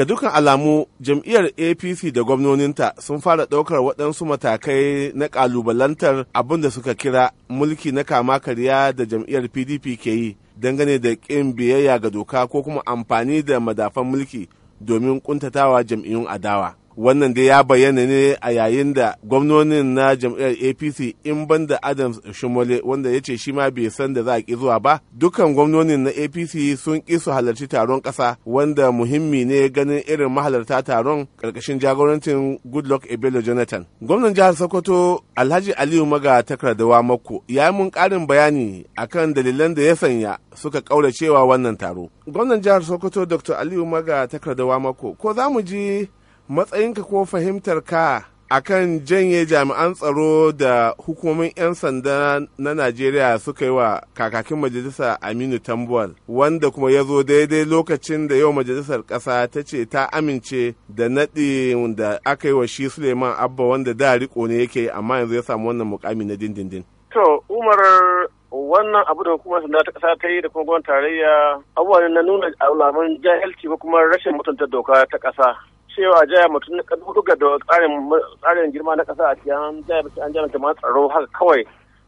Ga dukkan alamu jam'iyyar APC da gwamnoninta sun fara ɗaukar waɗansu matakai na ƙalubalantar abin da suka kira mulki na kama karya da jam'iyyar PDP ke yi dangane da ƙin biyayya ga doka ko kuma amfani da madafan mulki domin ƙuntatawa jam'iyyun adawa. wannan dai ya bayyana ne a yayin da gwamnonin na jam'iyyar apc in ban da adams shimole wanda ya ce shi ma bai san da za a ki zuwa ba dukkan gwamnonin na apc sun ki su halarci taron ƙasa wanda muhimmi ne ganin irin mahalarta taron ƙarƙashin jagorancin goodluck ebelo jonathan gwamnan jihar sokoto alhaji aliyu maga takardawa mako ya yi mun ƙarin bayani akan dalilan da ya sanya suka cewa wannan taro gwamnan jihar sokoto dr aliyu maga takardawa mako ko za mu ji matsayinka ko fahimtarka kan janye jami'an tsaro da hukumomin 'yan sanda na najeriya suka yi wa kakakin majalisa aminu tambuwal wanda kuma ya zo daidai lokacin da yau majalisar ƙasa ta ce ta amince da naɗi da aka yi wa shi suleiman abba wanda da riko ne yake amma yanzu ya samu wannan mukami na dindindin to wannan abu da hukumar sanda ta kasa ta yi da kuma gwamnatin tarayya abubuwan na nuna alamun jahilci ko kuma rashin mutunta doka ta kasa cewa jaya mutum na kadu kaduga da tsarin girma na kasa a cikin jaya mutum an jami'a jama'a tsaro haka kawai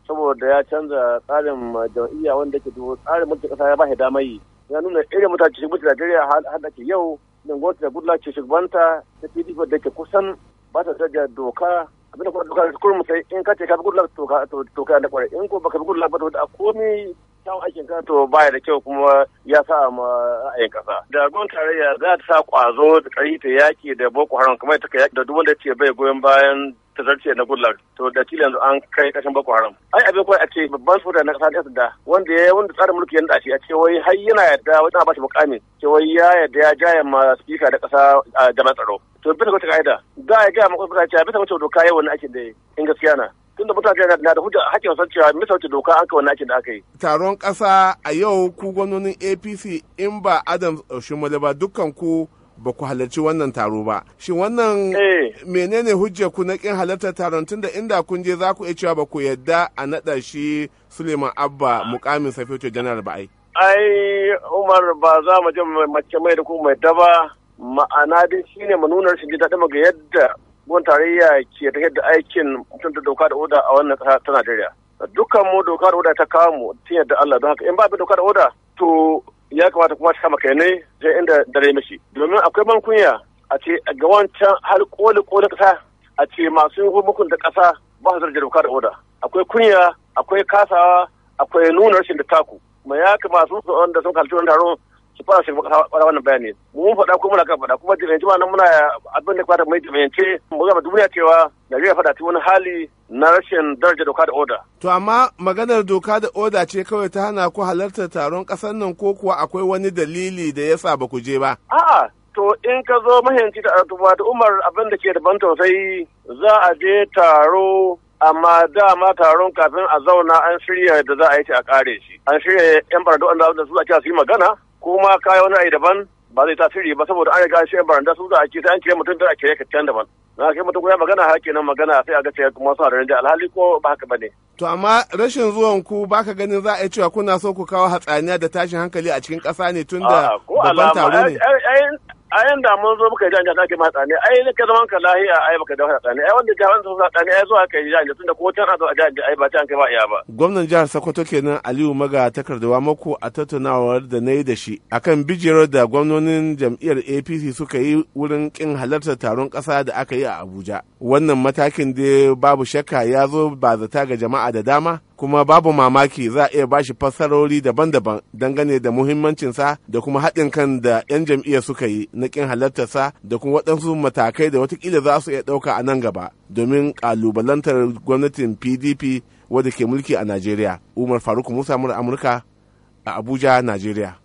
saboda ya canza tsarin jam'iyya wanda ke dubo tsarin mulkin kasa ya bashi shi damar yi ya nuna irin mutane shi mutane Najeriya har da ke yau nan gwamnati da Goodluck ce shugabanta ta PDP da ke kusan ba ta da doka abinda kuma doka kurum sai in ka ce ka bi Goodluck to ka to ka da kwarai in ko baka bi Goodluck ba to da komai kyan aikin kato baya da kyau kuma ya sa ma ra'ayin kasa da gwamnatin tarayya za ta sa kwazo da kari ta yaki da boko haram kamar ta kai da duk wanda ce bai goyon bayan tazarce na gullar to da kila yanzu an kai kashin boko haram ai abin kawai a ce babban soja na kasa da wanda ya wanda tsarin mulki ya shi a ce wai har yana yadda wata ba shi mukami ce wai ya yadda ya jaya ma speaker da kasa a jama'a tsaro to bisa ta ka'ida za a gaya maka kuka ce bisa wata doka wani aikin da in gaskiya na tunda mutane na da hujja hakkin san cewa misal ta doka an kawai nakin da aka yi. Taron ƙasa a yau ku gwamnonin APC in ba Adam Shimole ba dukkan ku ba ku halarci wannan taro ba. Shin wannan eh. menene hujjar ku na kin halartar taron tunda inda kun je za ku iya cewa ba ku yadda a naɗa shi Suleiman Abba mukamin Safeto Janar ba ai. Ai Umar ba za mu je mace mai da ku mai daba ma'ana dai shine mu shi daɗi ga yadda gwamnatin tarayya ke tafiyar da aikin mutunta doka da oda a wannan ƙasa ta Najeriya. Dukkan mu doka da oda ta kawo mu tun yadda Allah don haka in ba bi doka da oda to ya kamata kuma ta kama kai ne je inda dare mishi. Domin akwai ban kunya a ce ga wancan har koli koli ƙasa a ce masu hukumukun da ƙasa ba su zarge doka da oda. Akwai kunya, akwai kasawa, akwai nuna rashin da taku. mai ya kamata su wanda sun kalci wani taron su fara shirma kasa wannan bayani mun faɗa ko muna kan faɗa kuma da yanzu nan muna abin da kwata mai tafiyance mu ga duniya cewa Najeriya faɗa ta wani hali na rashin daraja doka da oda. To amma maganar doka da oda ce kawai ta hana ku halartar taron ƙasar nan ko kuwa akwai wani dalili da yasa ba ku je ba? A'a to in ka zo mahimmanci da wato Umar abin da ke da ban tausayi za a je taro amma ma taron kafin a zauna an shirya da za a yi ta a kare shi an shirya yan bardo da su a su yi magana Kuma kayan wani ayi daban ba zai tasiri ba saboda an riga shi baranda sun za a sai an kire mutum da a kire ka can daban na kai mutum ya magana haƙi nan magana sai a ga cewa kuma suna da rinja alhali ko ba haka ba ne? to amma rashin zuwan ku ka ganin za a yi cewa kuna so ku kawo hatsaniya da tashin hankali a cikin ƙasa ne tun da babban taro ne A yan da mun zo muka janja ke ma tsani ai ne ka zaman ka lahiya ai baka da tsani ai wanda jihar sun sa tsani ai zuwa kai janja tunda ko can a zo a janja ai ba can kai ba iya ba gwamnan jihar Sokoto kenan Aliyu Maga takardawa mako a tattaunawar da nayi da shi akan bijirar da gwamnonin jam'iyyar APC suka yi wurin kin halartar taron kasa da aka yi a Abuja wannan matakin da babu shakka ya zo ba zata ga jama'a da dama kuma babu mamaki za a iya ba shi fassarori daban-daban dangane da muhimmancinsa da kuma haɗin kan da 'yan jam'iyya suka yi na ƙin halartarsa da kuma waɗansu matakai da watakila za su iya ɗauka a nan gaba domin ƙalubalantar gwamnatin pdp wadda ke mulki a najeriya umar faruk musa mura amurka a abuja najeriya